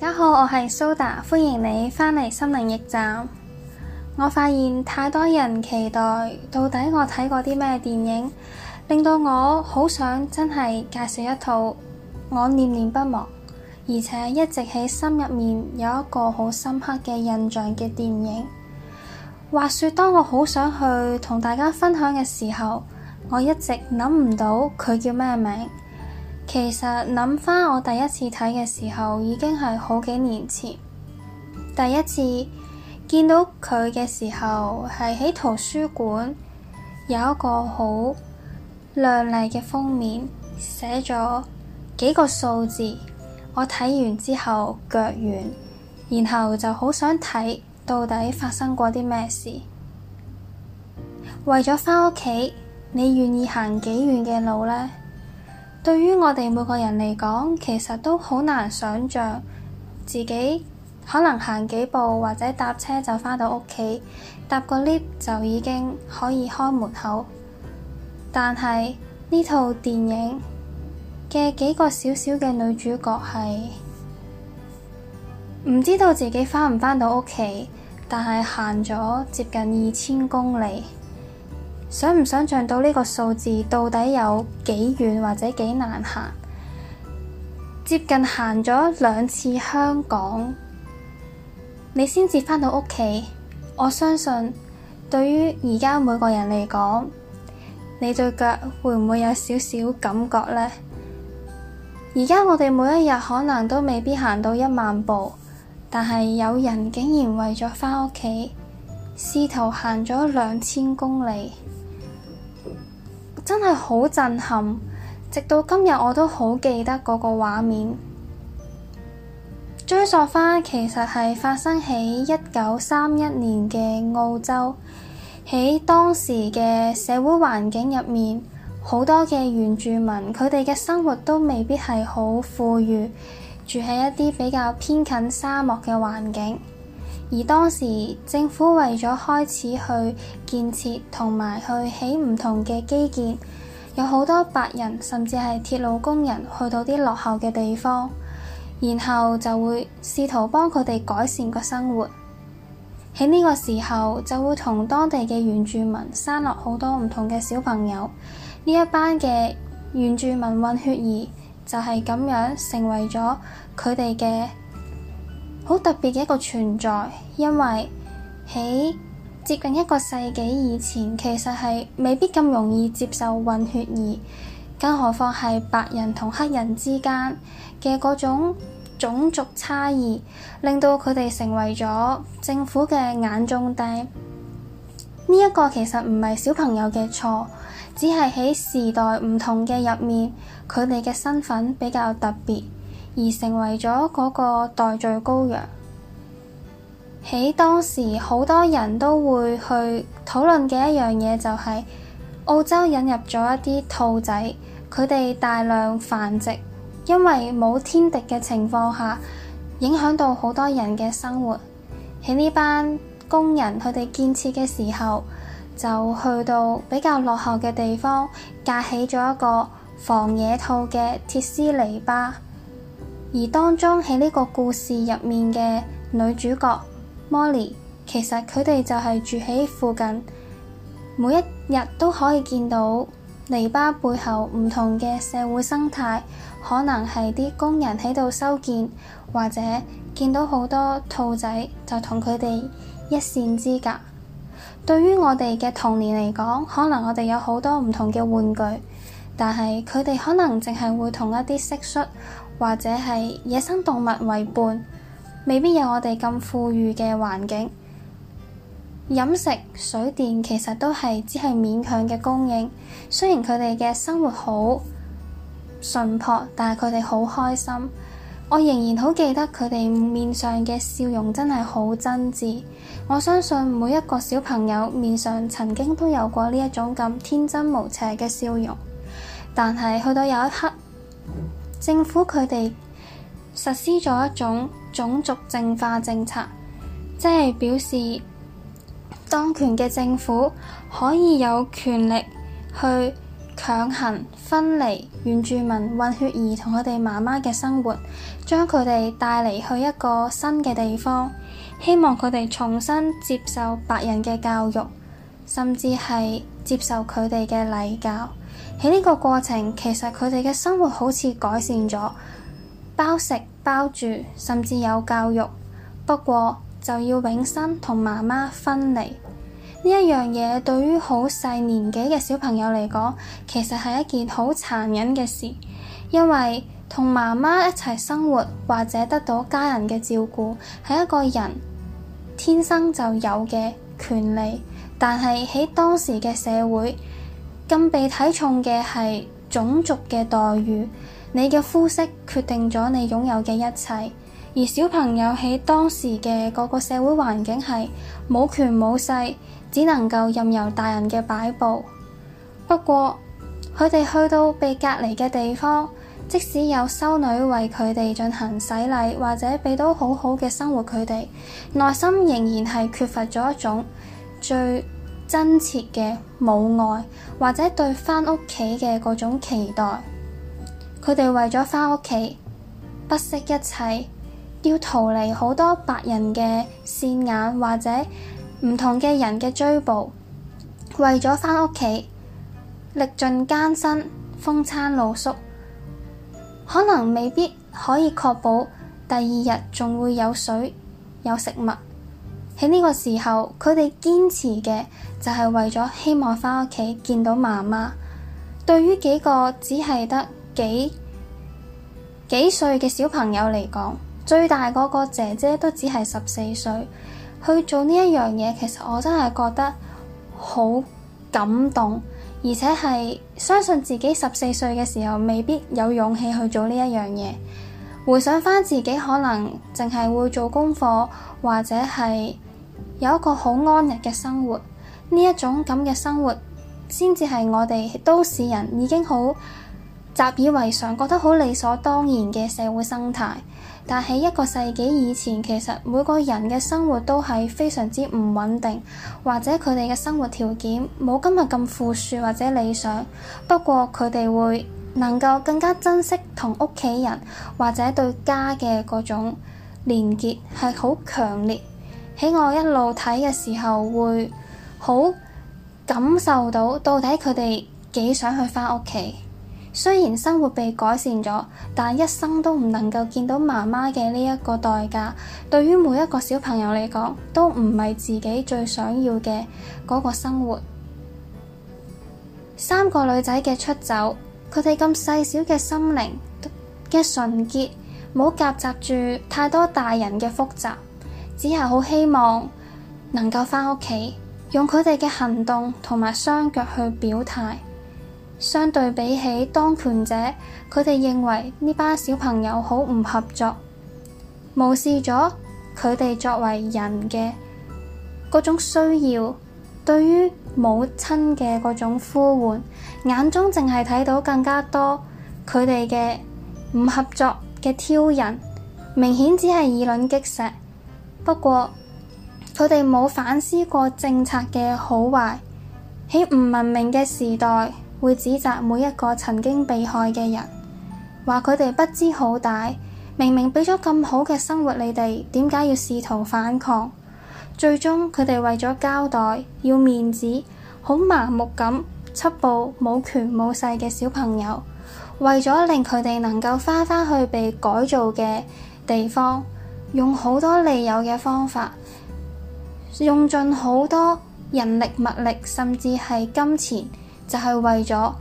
大家好，我係蘇達，歡迎你返嚟心靈驛站。我發現太多人期待到底我睇過啲咩電影，令到我好想真係介紹一套我念念不忘，而且一直喺心入面有一個好深刻嘅印象嘅電影。話說，當我好想去同大家分享嘅時候，我一直諗唔到佢叫咩名。其實諗返我第一次睇嘅時候，已經係好幾年前。第一次見到佢嘅時候，係喺圖書館有一個好靚麗嘅封面，寫咗幾個數字。我睇完之後腳軟，然後就好想睇到底發生過啲咩事。為咗返屋企，你願意行幾遠嘅路呢？對於我哋每個人嚟講，其實都好難想像自己可能行幾步或者搭車就返到屋企，搭個 lift 就已經可以開門口。但係呢套電影嘅幾個小小嘅女主角係唔知道自己返唔返到屋企，但係行咗接近二千公里。想唔想像到呢個數字到底有幾遠或者幾難行？接近行咗兩次香港，你先至返到屋企。我相信對於而家每個人嚟講，你對腳會唔會有少少感覺呢？而家我哋每一日可能都未必行到一萬步，但係有人竟然為咗返屋企，試圖行咗兩千公里。真係好震撼，直到今日我都好記得嗰個畫面。追溯翻，其實係發生喺一九三一年嘅澳洲。喺當時嘅社會環境入面，好多嘅原住民佢哋嘅生活都未必係好富裕，住喺一啲比較偏近沙漠嘅環境。而當時政府為咗開始去建設同埋去起唔同嘅基建，有好多白人甚至係鐵路工人去到啲落後嘅地方，然後就會試圖幫佢哋改善個生活。喺呢個時候就會同當地嘅原住民生落好多唔同嘅小朋友，呢一班嘅原住民混血兒就係咁樣成為咗佢哋嘅。好特別嘅一個存在，因為喺接近一個世紀以前，其實係未必咁容易接受混血兒，更何況係白人同黑人之間嘅嗰種種族差異，令到佢哋成為咗政府嘅眼中釘。呢一個其實唔係小朋友嘅錯，只係喺時代唔同嘅入面，佢哋嘅身份比較特別。而成為咗嗰個代罪羔羊。喺當時，好多人都會去討論嘅一樣嘢就係澳洲引入咗一啲兔仔，佢哋大量繁殖，因為冇天敵嘅情況下，影響到好多人嘅生活。喺呢班工人佢哋建設嘅時候，就去到比較落後嘅地方架起咗一個防野兔嘅鐵絲籬笆。而當中喺呢個故事入面嘅女主角 Molly，其實佢哋就係住喺附近，每一日都可以見到泥巴背後唔同嘅社會生態，可能係啲工人喺度修建，或者見到好多兔仔就同佢哋一線之隔。對於我哋嘅童年嚟講，可能我哋有好多唔同嘅玩具，但係佢哋可能淨係會同一啲蟋蟀。或者係野生動物為伴，未必有我哋咁富裕嘅環境。飲食、水電其實都係只係勉強嘅供應。雖然佢哋嘅生活好淳樸，但係佢哋好開心。我仍然好記得佢哋面上嘅笑容真係好真摯。我相信每一個小朋友面上曾經都有過呢一種咁天真無邪嘅笑容，但係去到有一刻。政府佢哋實施咗一種種族淨化政策，即係表示當權嘅政府可以有權力去強行分離原住民混血兒同佢哋媽媽嘅生活，將佢哋帶嚟去一個新嘅地方，希望佢哋重新接受白人嘅教育，甚至係接受佢哋嘅禮教。喺呢個過程，其實佢哋嘅生活好似改善咗，包食包住，甚至有教育。不過就要永生同媽媽分離，呢一樣嘢對於好細年紀嘅小朋友嚟講，其實係一件好殘忍嘅事。因為同媽媽一齊生活或者得到家人嘅照顧，係一個人天生就有嘅權利。但係喺當時嘅社會，更被睇重嘅係種族嘅待遇，你嘅膚色決定咗你擁有嘅一切。而小朋友喺當時嘅各個社會環境係冇權冇勢，只能夠任由大人嘅擺布。不過佢哋去到被隔離嘅地方，即使有修女為佢哋進行洗禮，或者俾到好好嘅生活，佢哋內心仍然係缺乏咗一種最真切嘅母愛，或者對翻屋企嘅嗰種期待，佢哋為咗翻屋企不惜一切，要逃離好多白人嘅線眼，或者唔同嘅人嘅追捕，為咗翻屋企，歷盡艱辛，風餐露宿，可能未必可以確保第二日仲會有水有食物。喺呢個時候，佢哋堅持嘅就係為咗希望翻屋企見到媽媽。對於幾個只係得幾幾歲嘅小朋友嚟講，最大嗰個姐姐都只係十四歲去做呢一樣嘢。其實我真係覺得好感動，而且係相信自己十四歲嘅時候未必有勇氣去做呢一樣嘢。回想翻自己，可能淨係會做功課或者係。有一個好安逸嘅生活，呢一種咁嘅生活，先至係我哋都市人已經好習以為常，覺得好理所當然嘅社會生態。但喺一個世紀以前，其實每個人嘅生活都係非常之唔穩定，或者佢哋嘅生活條件冇今日咁富庶或者理想。不過佢哋會能夠更加珍惜同屋企人或者對家嘅嗰種連結，係好強烈。喺我一路睇嘅時候，會好感受到到底佢哋幾想去返屋企。雖然生活被改善咗，但一生都唔能夠見到媽媽嘅呢一個代價。對於每一個小朋友嚟講，都唔係自己最想要嘅嗰個生活。三個女仔嘅出走，佢哋咁細小嘅心靈嘅純潔，冇夾雜住太多大人嘅複雜。只係好希望能夠返屋企，用佢哋嘅行動同埋雙腳去表態。相對比起當權者，佢哋認為呢班小朋友好唔合作，無視咗佢哋作為人嘅嗰種需要，對於母親嘅嗰種呼喚，眼中淨係睇到更加多佢哋嘅唔合作嘅挑釁，明顯只係以卵擊石。不過，佢哋冇反思過政策嘅好壞。喺唔文明嘅時代，會指責每一個曾經被害嘅人，話佢哋不知好歹。明明俾咗咁好嘅生活你，你哋點解要試圖反抗？最終，佢哋為咗交代、要面子，好麻木咁，緝捕冇權冇勢嘅小朋友，為咗令佢哋能夠翻返去被改造嘅地方。用好多利誘嘅方法，用盡好多人力物力，甚至係金錢，就係為咗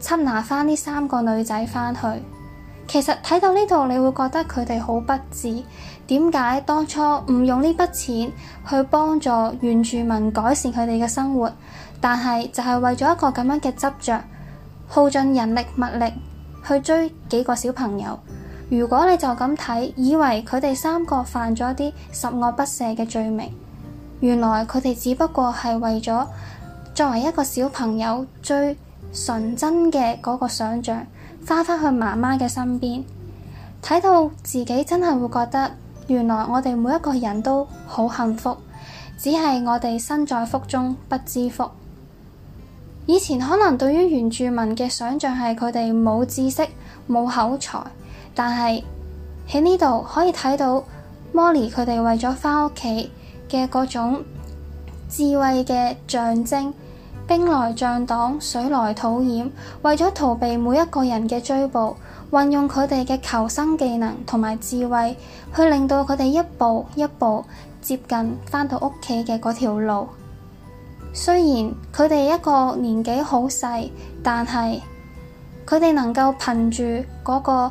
緝拿翻呢三個女仔翻去。其實睇到呢度，你會覺得佢哋好不智。點解當初唔用呢筆錢去幫助原住民改善佢哋嘅生活？但係就係為咗一個咁樣嘅執着，耗盡人力物力去追幾個小朋友。如果你就咁睇，以為佢哋三個犯咗啲十惡不赦嘅罪名，原來佢哋只不過係為咗作為一個小朋友最純真嘅嗰個想象，翻返去媽媽嘅身邊。睇到自己真係會覺得，原來我哋每一個人都好幸福，只係我哋身在福中不知福。以前可能對於原住民嘅想象係佢哋冇知識、冇口才。但係喺呢度可以睇到，Molly 佢哋為咗返屋企嘅各種智慧嘅象徵，兵來將擋，水來土掩，為咗逃避每一個人嘅追捕，運用佢哋嘅求生技能同埋智慧，去令到佢哋一步一步接近返到屋企嘅嗰條路。雖然佢哋一個年紀好細，但係佢哋能夠憑住嗰個。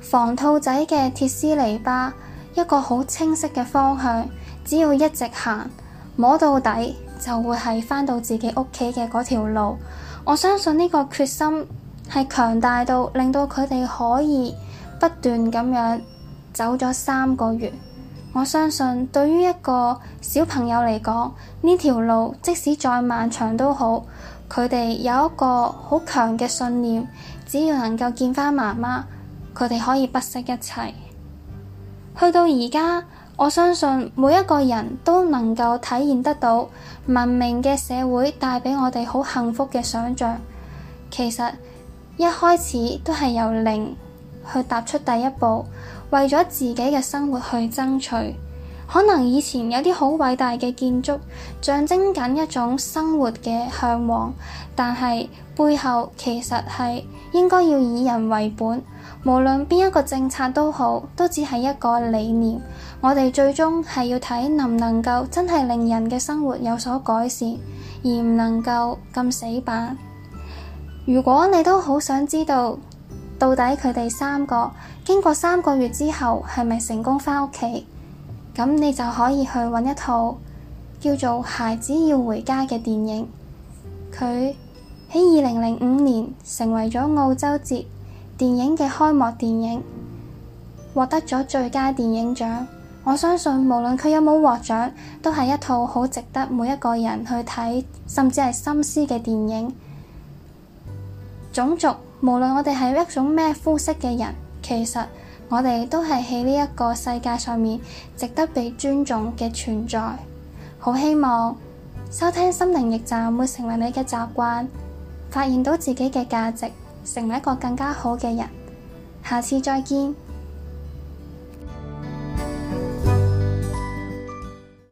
防兔仔嘅鐵絲籬笆，一個好清晰嘅方向，只要一直行，摸到底，就會係返到自己屋企嘅嗰條路。我相信呢個決心係強大到令到佢哋可以不斷咁樣走咗三個月。我相信對於一個小朋友嚟講，呢條路即使再漫長都好，佢哋有一個好強嘅信念，只要能夠見返媽媽。佢哋可以不惜一切，去到而家，我相信每一個人都能夠體驗得到文明嘅社會帶俾我哋好幸福嘅想象其實一開始都係由零去踏出第一步，為咗自己嘅生活去爭取。可能以前有啲好偉大嘅建築，象徵緊一種生活嘅向往，但係背後其實係應該要以人為本。無論邊一個政策都好，都只係一個理念。我哋最終係要睇能唔能夠真係令人嘅生活有所改善，而唔能夠咁死板。如果你都好想知道，到底佢哋三個經過三個月之後係咪成功返屋企？咁你就可以去揾一套叫做《孩子要回家》嘅電影，佢喺二零零五年成為咗澳洲節電影嘅開幕電影，獲得咗最佳電影獎。我相信無論佢有冇獲獎，都係一套好值得每一個人去睇，甚至係深思嘅電影。種族無論我哋係一種咩膚色嘅人，其實，我哋都係喺呢一個世界上面值得被尊重嘅存在。好希望收聽心靈驛站會成為你嘅習慣，發現到自己嘅價值，成為一個更加好嘅人。下次再見。